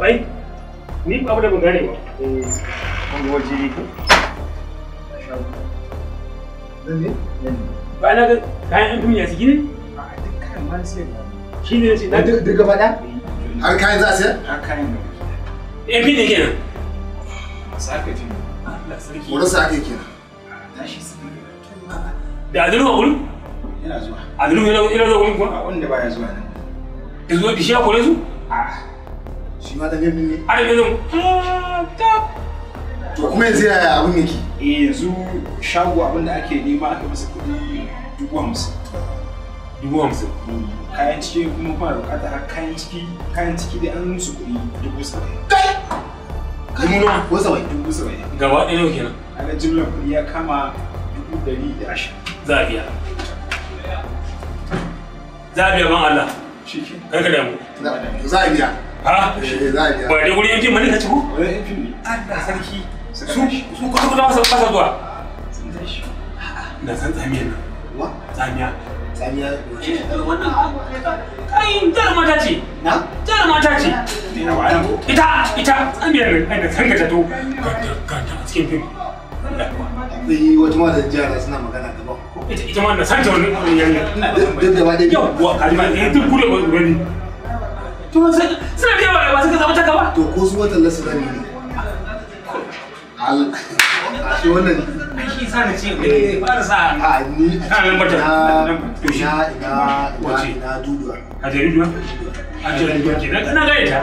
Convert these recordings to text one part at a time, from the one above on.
Wai, ni abu da gane ba. Kun waje ku? ne? Nan Ba na ga kayan su A duk kayan ma sai ba. Shi ne sai na duk duk gaba ɗaya? Har kayan za a Har kayan ne. Eh bi ne kenan. Saka ji. Wurin kenan. Tashi su Da azuru a Yana zuwa. yana zuwa kuwa? Wanda baya zuwa nan. zuwa kore su? A'a. shi ma dan gani ne ai yanzu to kuma yanzu yaya abin yake eh yanzu shago abin da ake nema aka masa kuɗi dubu hamsin dubu hamsin kayan ciki kuma kuma bukata har kayan ciki kayan ciki dai an musu kuɗi dubu saba'in kai dubu nawa ko saba'in dubu saba'in gaba ɗaya nawa kenan a ga jimlar kudi ya kama dubu dari da ashirin za a biya za a biya ban Allah shi ke kai ka damu za a biya ha eh, ba da gurin yankin mani ka ci Allah sarki su su kusa kusa zuwa na san tsamiya na wa tsamiya tsamiya eh, wannan ai jar mata ce na jar mata ce ita ita tsamiyar nan ai da san ta to cikin fim sai wata ma da jihar suna magana gaba ita ma na san ta wannan yanayin duk da ba dai yau wa kalma eh, duk kure wani to wa ko su watan nasu zan yi shi wannan shi sa na ce eh, fara sa a ni a nan bata a shi na wace na duduwa a jari duduwa a jari duduwa ke nan kana gaita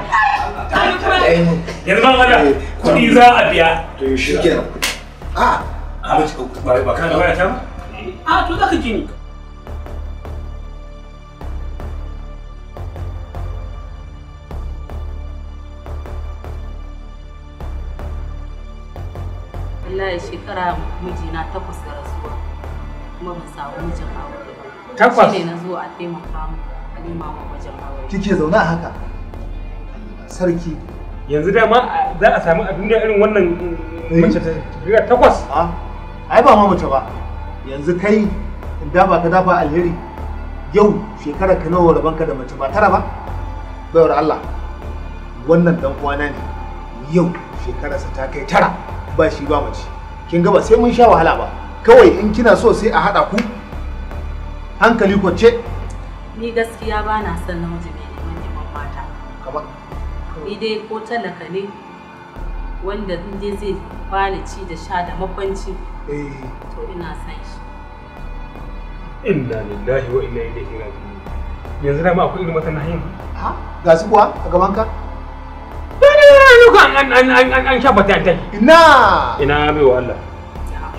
yanzu ba wanda eh, kuɗi za a biya to shi kenan ah! a ba ka da ta ba a to zaka ji ni alhamdulillah shekara mijina takwas da rasuwa kuma ban samu mijin aure ba takwas shine na zo a taimaka mu a nema mu mijin aure kike zauna haka sarki yanzu dama za a samu a duniya irin wannan eh? mace ta riga takwas ah, ai ba ma mace ba yanzu kai da ba ka dafa alheri yau shekara ka nawa rabanka da mace ba tara ba bayar Allah wannan dan uwana ne yau shekararsa ta kai tara ba shi ba mace kin ga ba sai mun sha wahala ba kawai in kina so sai a haɗa ku hankali kwance ni gaskiya ba na son namiji mai neman neman mata kamar ni dai ko talaka ne wanda in dai zai fara ci da sha da makwanci eh. to ina son shi inna lillahi wa inna ilaihi raji'un yanzu da ma akwai irin wata nahiyin ha ga su kuwa a gaban ka duka an an an an an sha ta tai ina ina mai wa Allah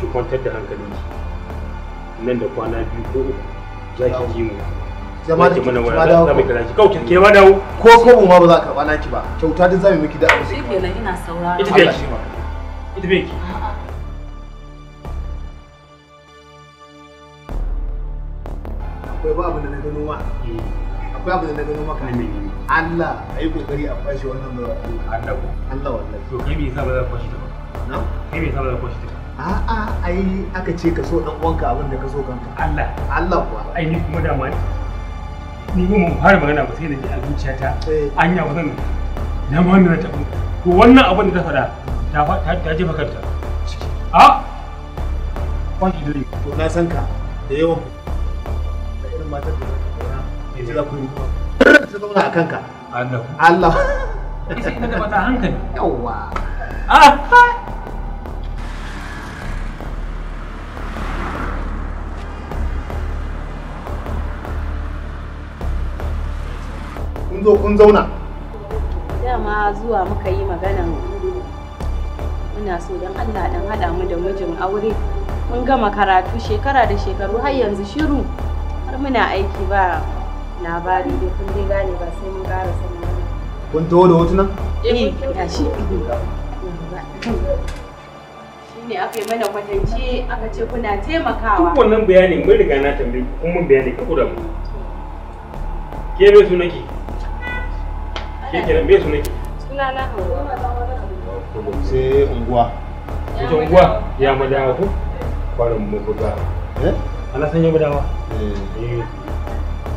ki kwantar da hankalin ki nan da kwana biyu ko uku za ki ji mu zama da ki ma dawo za mu kira ki kauce ke ma dawo ko ko mu ma ba za ka bana ki ba kyauta duk za mu miki da abu shi shikenan ina saurara ita be ki ita be ki akwai ba abu da na gano ma eh. akwai abu da na gano maka ne Allah a yi kokari a kwashe wannan ba annabi Allah wallahi to kai me yasa ba za ka kwashe ta ba na kai me yasa ba za ka kwashe ta a'a ai aka ce ka so dan uwanka abin da ka so kanka Allah Allah kuwa ai ni kuma da mai ni kuma mun fara magana ba sai da ji a zuciyata eh. anya ba zan na ma wannan ta to wannan abin da ta faɗa ta ta jefa kanta a Kwanci dare to na san ka da yawan da irin matar da ta ka kora yanzu eh. za ku yi ta zauna a kanka Allah Allah sai ka da ta hankali yawa ah! kun zo kun zauna. Dama zuwa muka yi maganan muna so don Allah dan haɗa mu da mijin aure. Mun gama karatu shekara da shekaru har yanzu shiru har muna aiki ba labari da kun dai gane ba sai mun ƙara sanin wani. Kun taho da hotuna. Eh, eh gashi. Shi ne aka yi mana kwatance aka ce kuna taimakawa. Duk wannan bayani mun riga na tambayi kun mun bayani ka kura mu. Ke me suna Ke kenan me sunanki? Sunana Hauwa. Sai unguwa. Ita unguwa ya madawa ku? Kwarin mu buga. Eh? Ana san ya madawa? Eh. eh.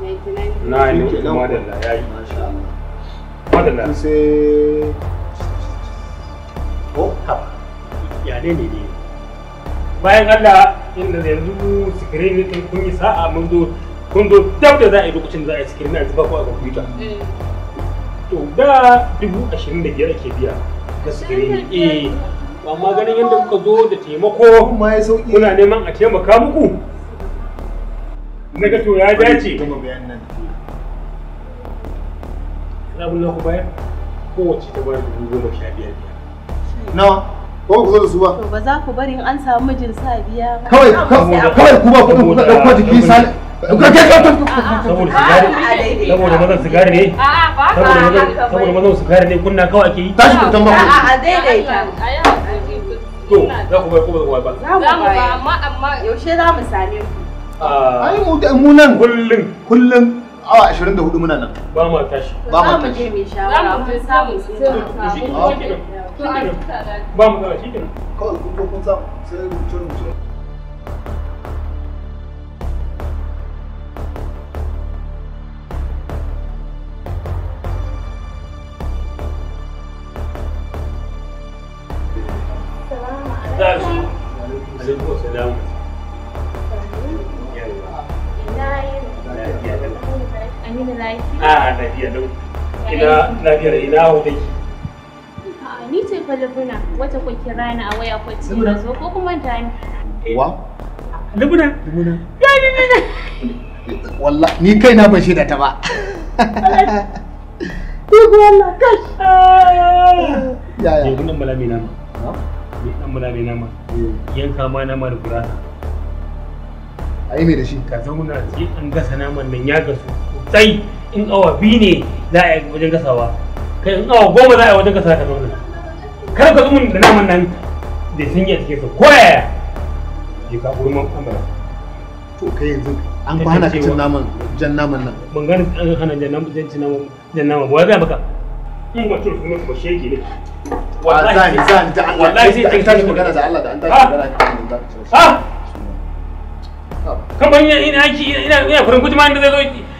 na kuma ya bayan Allah inda yanzu sikirin din kun yi sa'a mun zo kun zo dab da za a yi lokacin za a yi sikirin a zuba ko a kwamfuta eh. to da dubu ashirin da biyar ake biya ga sikirin eh amma ganin yadda kuka zo da taimako kuna neman a taimaka muku na ga to ya dace kuma bayan nan ku kowace ta bayar dubu goma sha biyar nawa ko ku zo da su ba to ba za ku bari an samu mijin sa biya kawai kawai ku ba kuɗin ku ɗauko jiki saboda mazan sigari ne saboda mazan sigari ne kunna kawai ake yi tashi kuntan ba a daidaita to za ku bai kuma ba za mu ba amma yaushe za mu same ku Ah. ai mu da mu nan kullun kullun awa 24 muna nan ba ma tashi ba ma tashi mu je shawara samu ba mu kenan kawai kun kun samu sai mu mu alaikum. Alaikum Aminu lafiya? A lafiya lau. Ina lafiyar ina hau take. Ni ce Falibuna wata ku kira ni a waya ku ce na zo ko kuma ta ni. Eh. Wa? Libuna. Libuna. Walla ni kai na ban shaida ta ba. Duk wallah kai. Ya ya. malami na ma. Ni dan malami na ma. Yanka ma na ma da da shi? Ka zauna sai an gasa naman nan ya gasu. tsayi in awa biyu ne za a yi wajen gasawa kai in awa goma za a yi wajen gasawa ka zauna kar ka zumun da naman nan da sun yi a cikin su ko yaya je ka gurman to kai yanzu an ba hana cin naman jan naman nan ban gane an hana jan naman jan cin naman jan naman ba ga baka in kuma ba shege ne wallahi da Allah wallahi sai ah! magana da Allah da an ah! magana kamar yin aiki ina ina furin kujima inda zai zo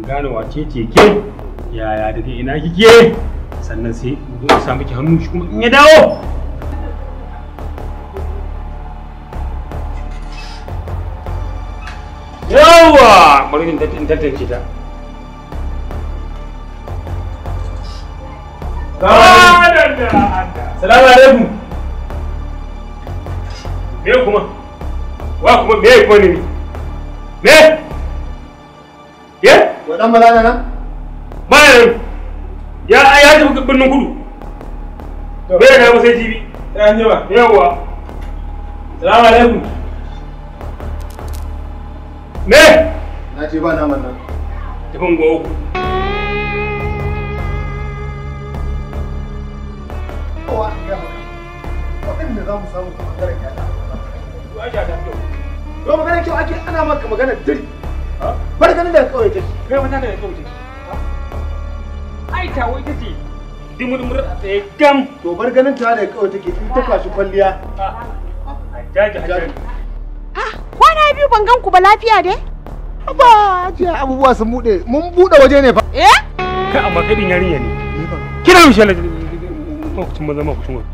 in gane wace ce ke yaya daga ina kike sannan sai mu zo sa miki hannu shi kuma in ya dawo yawa bari in tantance ta Salamu alaikum. Me kuma? Wa kuma me kuma ne? Me? Yeah? dan malala nan bayan ya ya tafi birnin kudu bai da sai jibi ta an jima yawa salamu alaikum me na ce ba naman nan tafin gowa ku waɗanda za mu samu kamar gara kyau. Yau magana kyau ake ana maka magana diri. bar ganin da kawai ce kai wannan da kawai take ai ta wai take dimurmur a tsaye gam to bar ganin ta da kawai take in ta kwashi kwalliya ah, jaji hajjari ah kwana biyu ban gan ku ba lafiya dai ba jiya abubuwa sun bude mun bude waje ne fa eh kai amma kai din yarinya ne kira mu shalla lokacin zama ma kushin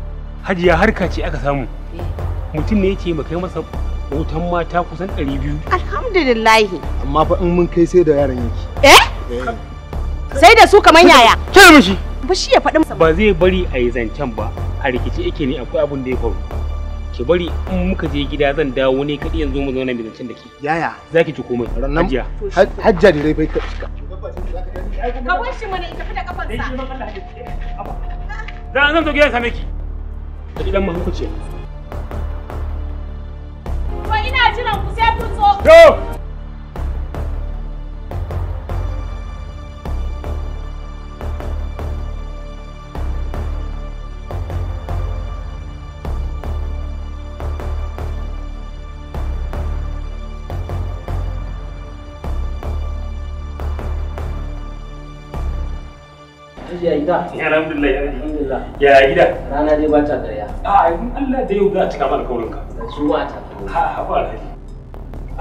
hajiya harka ce aka samu eh. mutum ne yake maka masa hoton mata kusan 200 alhamdulillah amma fa in mun kai sai da yaran yake eh, eh. sai da su kamar yaya ke mishi shi. ya faɗi ba zai bari a yi zancen ba a rikici yake ne akwai abin da ya faru ki bari in muka je gida zan dawo ne kaɗai yanzu mu zauna mai zancen da ke yaya za ki ci komai hajjiya hajjiya da rai bai ka cika ka wishe mana ita fita kafarsa za zan zo gidan miki. da idan ma hukuciya Go! ya gida? Alhamdulillah. Ya Rana dai ba ta ƙarya. A ah, in Allah da yau za a cika mana kaurinka. Zuwa ta. Ha ha ba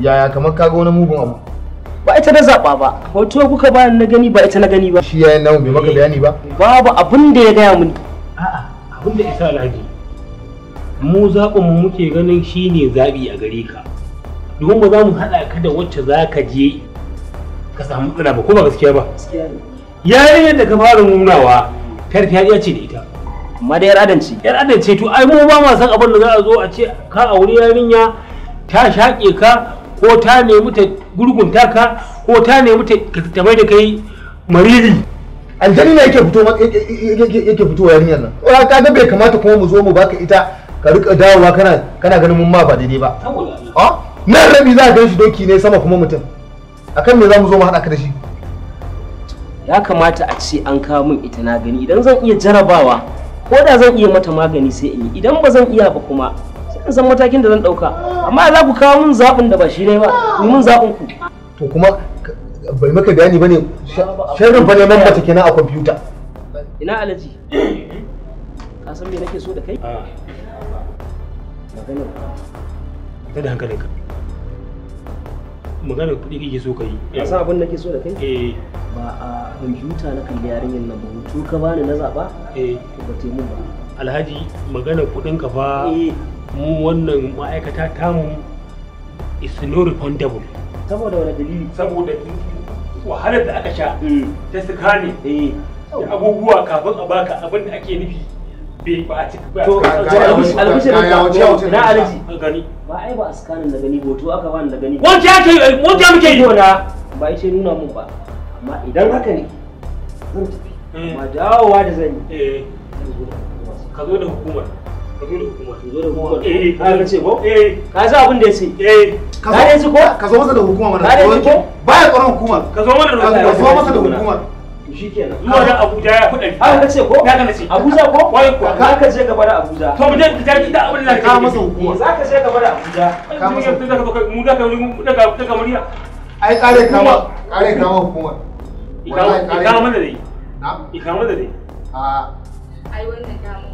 Yaya kamar kaga wani mugun abu? Ba ita da zaɓa ba, hoto kuka ba na gani ba ita na gani ba. Shi yayin namu bai maka eh, bayani ba? Babu abin da ya gaya mini. A'a, abin da isa alhaji. Mu zaɓin mu muke ganin shi ne zaɓi a gare ka. Domin ba za mu haɗa ka da wacce za ka je ka samu tsira ba ko ba gaskiya ba. Gaskiya ne. yayin da ka fara nunawa farfadiya ce da ita amma da yar adance yar adance to ai mu ba ma san abin da za a zo a ce ka auri yarinya ta shaƙe ka ko ta nemi ta gurgunta ka ko ta nemi ta mai da kai mariri aljani ne yake fito yake fito yarinyar nan ka ga bai kamata kuma mu zo mu baka ita ka rika dawowa kana kana ganin mun ma ba daidai ba ah, nan rabi za ka gan shi doki ne sama kuma mutum akan me za mu zo mu haɗa ka da shi ya kamata a ce an kawo min ita na gani idan zan iya jarabawa ko da zan iya mata magani sai in yi idan ba zan iya ba kuma sai san matakin da zan dauka amma za ku kawo min zaɓin da ba shi ne ba ku min zaɓin ku to kuma bai maka bayani bane sharrin bane man mata kenan a kwamfuta ina alaji ka san me nake so da kai ah. maganar ka da hankalinka magana kuɗi kake so ka yi a san abin da ke so da kai eh ba a kwamfuta na kalli yarinyar nan ba hutu ka bani na zaɓa eh to ba te mun ba alhaji magana kuɗin ka fa eh. mu wannan ma'aikata tamu is no refundable saboda wani dalili saboda wahalar da aka sha mm. ta sikani eh. da abubuwa kafin a baka abin da ake nufi bai ba a cika ba na alaji gani ba ai ba askanin da gani hoto aka bani da gani wanda ya kai eh, wanda muke ba ai ce nuna mun ba amma idan haka ne zan tafi eh. ma dawowa da zan yi ka eh. zo da hukumar ka zo da hukumar ka zo da hukumar eh ka ce ko eh ka san abin da yace eh ka zo ko ka zo masa da hukumar mana ka ko baya tsoron hukumar ka zo mana da hukumar ka zo masa da hukumar shi kenan zuwa nan abuja ya fi ɗari ka ce ko haka ce abuja ko wai ko ka ka je gaba da abuja to mu je ka tafi da abin da ka masa hukuma eh, za ka je gaba da abuja ka masa mu da ka mu da ka da ka murya ai kare kama kare kama hukuma ikama mana dai ikama mana dai a ah. ai wannan kama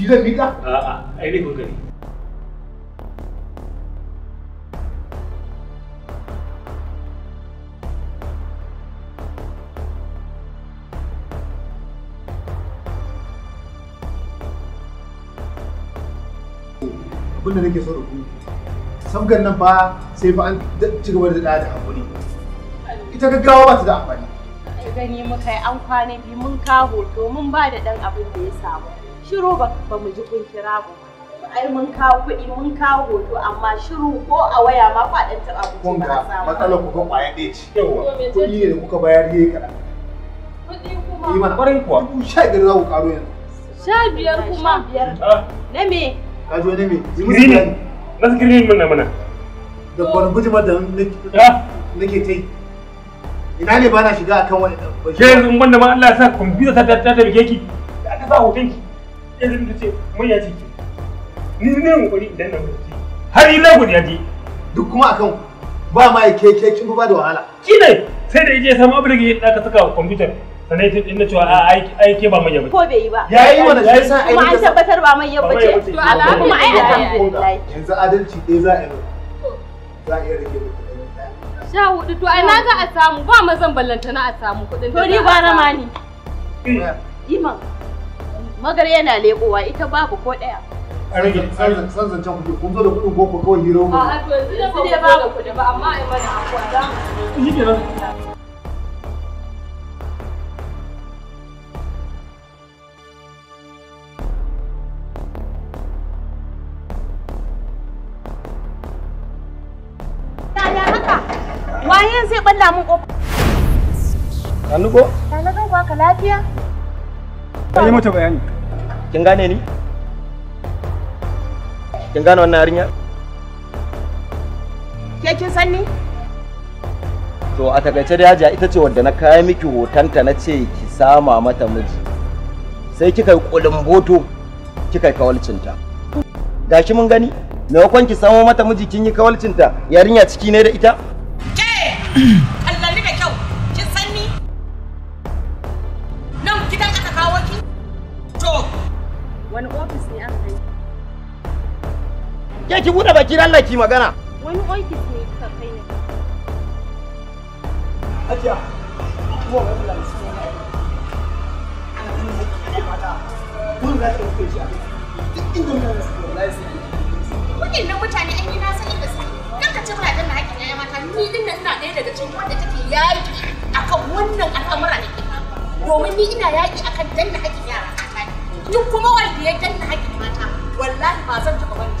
shi zan mika a'a ainihin laifin ka abin da nake so da ku sabgan nan ba sai ba an ci gaba da da hakuri ita gaggawa ba ta da amfani gani muka yi an kwana biyu mun kawo hoto mun ba da ɗan abin da ya samu shiru ba mu ji kun kira ba ai mun kawo kuɗi mun kawo hoto amma shiru ko a waya ma dan taɓa ku kun samu matsalar ku ga kwaya ɗaya ce ko kuɗi ne da kuka bayar yayi kaɗan kuɗi kuma yi eh mana ƙwarai kuwa dubu sha biyar za ku ƙaro yanzu sha biyar kuma ah. na me ka zo wani me yi musu bayani na sikirin mana mana da barbuji ma da ah. nake ta yi ina ne ba na shiga akan wani ɗan ke yanzu wanda ma Allah ya sa kwamfuta ta ta ta ki da aka sa hoton ki irin da ce mun ya ce ni ne kokari idan na gurje har ila gurje ya je duk kuma akan ba ma ya ke kin ba da wahala ki ne sai da yaje samu abin da ya daka saka computer sanai ta dinga cewa a ai ba mai yaba ko bai yi ba yayi mana sai san ai kuma an tabbatar ba mai yaba ce to ala kuma ai alhamdulillah yanzu adalci ɗaya za a yi za a iya rage sha hudu to ai na ga a samu ba mazan ballanta na a samu kudin to ni ba na mani iman magar yana lekowa ita babu ko daya a rage san zancen kuɗi kun zo da kuɗin ko kawai hiro mu a to yanzu ne babu kuɗi ba amma mana kenan Waye zai balla mun kofa? Kanugo? Kanugo ba ka lafiya? Ka yi mata bayani. Kin gane ni? Kin gane wannan yarinya? Ke kin san ni? To a takaice da hajiya ita ce wadda na kayi miki hotonta na ce ki sama mata miji. Sai kika yi boto kika yi kawalcinta. shi mun gani, maimakon ki samo mata miji kin yi kawalcinta yarinya ciki ne da ita? Ke! ki bude baki Allah ki magana wani ofis ne ka kai ne ajiya kuma wani ne mutane an na san kan ka ce muna danna haƙƙin mata ni din nan ina ɗaya daga cikin wanda take yaƙi akan wannan al'amura ne domin ni ina yaƙi akan danna haƙƙin yara mata kuma wanda ya danna haƙƙin mata wallahi ba zan taɓa wani.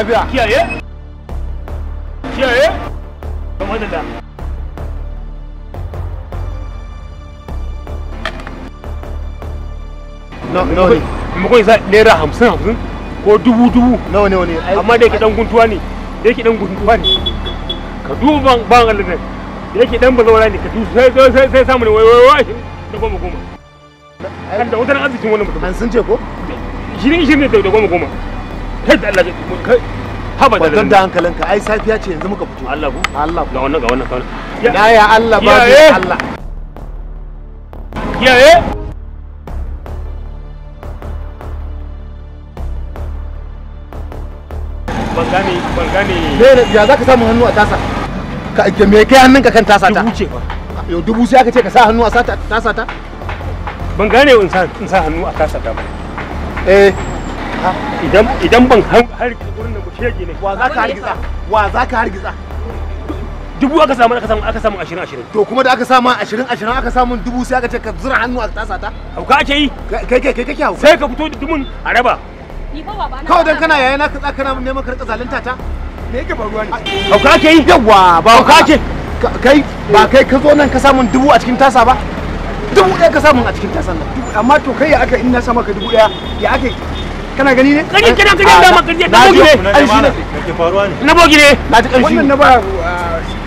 lafiya kiyaye kiyaye kamar da nawa ne maimakon isa naira hamsin hamsin ko dubu dubu nawa ne wani amma da yake dan guntuwa ne da yake dan guntuwa ne ka duba ban Allah ne da yake dan bazawara ne ka duba sai sai samu ne wai wai wai da goma goma kan da wutar arzikin wani mutum an ce ko shirin shirin da goma goma kai da Allah kai haba da ranka da hankalinka ai safiya ce yanzu muka fito Allah ku Allah ga wannan ga wannan ga wannan ya ya Allah ba Allah ya ya ban gane ban gane ya zaka samu hannu a tasa ka me kai hannunka kan tasa ta dubu ce fa yau dubu sai aka ce ka sa hannu a tasa ta ban gane in sa hannu a tasa ta ba eh idan idan ban hargitsa gurin nan ku shege ne wa za ka hargitsa wa za ka hargitsa dubu aka samu aka samu aka samu ashirin ashirin to kuma da aka samu ashirin ashirin aka samu dubu sai aka ce ka zura hannu a tasa ta hauka ake yi kai kai kai kake hauka sai ka fito da dubun a raba ni fa baba na kawai dan kana yaya na ka tsaka na neman ka rika zalunta ta me yake faruwa ne hauka ake yi yawa ba hauka ake kai ba kai ka zo nan ka samu dubu a cikin tasa ba dubu ɗaya ka samu a cikin tasan nan amma to kai ya aka in na sama ka dubu ɗaya ya ake. kana gani ne kani kana kani da ma kani ah, da bogi ne ai shi ne ke faruwa ne na bogi ne na ji karshe wannan na ba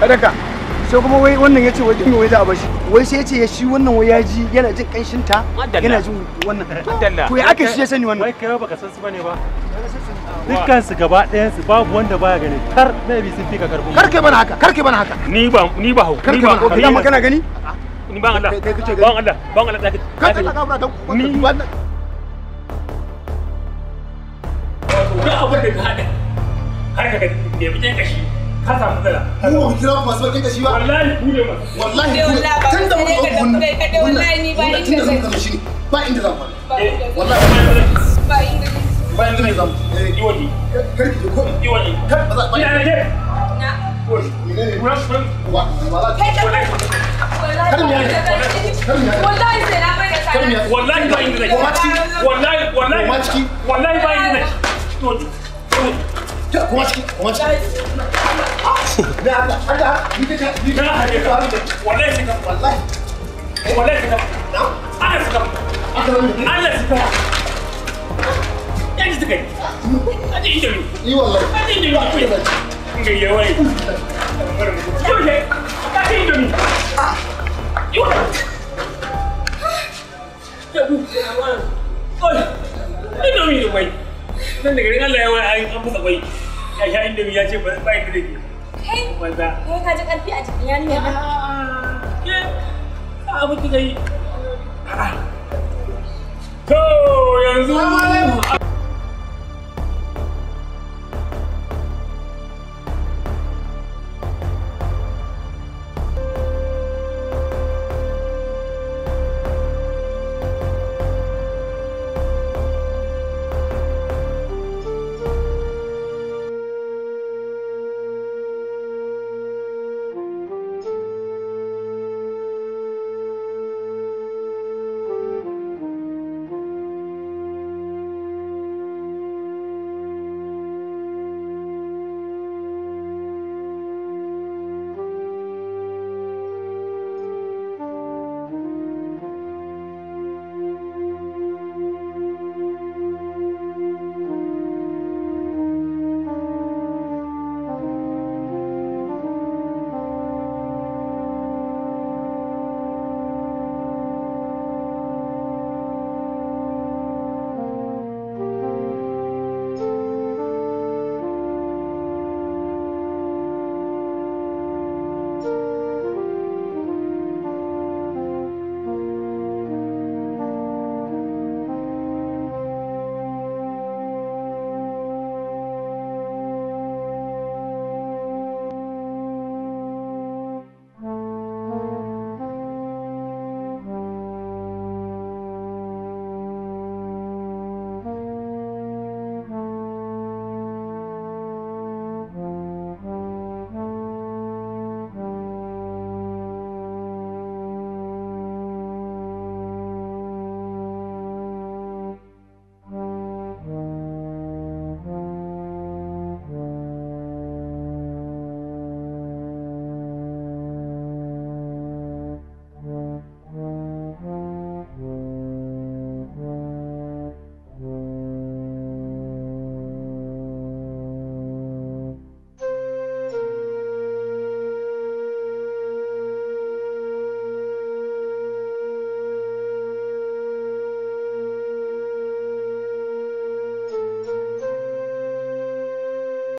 kadaka ah, sai kuma wai wannan yace wai dinga wai za a bashi wai sai yace shi wannan wai yaji yana jin kanshin ta yana jin wannan to ya aka shi ya sani wannan wai kai baka san su bane ba dukkan su gaba ɗayan su babu wanda baya gani kar mai bi sun fika karbo kai bana haka kar kai bana haka ni ba ni ba hau ni ba hau kana gani ni ba Allah ba Allah ba Allah da ka ni duk abin da ka haɗa har ka nemi jan kashi ka samu matsala. Mu ba mu kira ku masu bakin kashi ba. Wallahi ku ne masu. Wallahi ku Tun da muka zo wannan. Wallahi ni ba inda zan kaso shi Ba inda zan fara. Eh, wallahi ba inda Ba inda zan. Ba eh, inda Kar ki je ko. Iwani. Kar ba za ba. Ina ne. Na. Ko. Ina ne. Rush ban. Wa. Wallahi. Kar mi yaye. Kar Wallahi sai na bai da Wallahi ba inda zan. Wallahi wallahi wallahi ba inda zan. Kuma nan da garin Allah ya waya an fasa kwai ya sha inda ya ce ba ba inda yake wanda kai ka ji karfi a ke abu kika yi to yanzu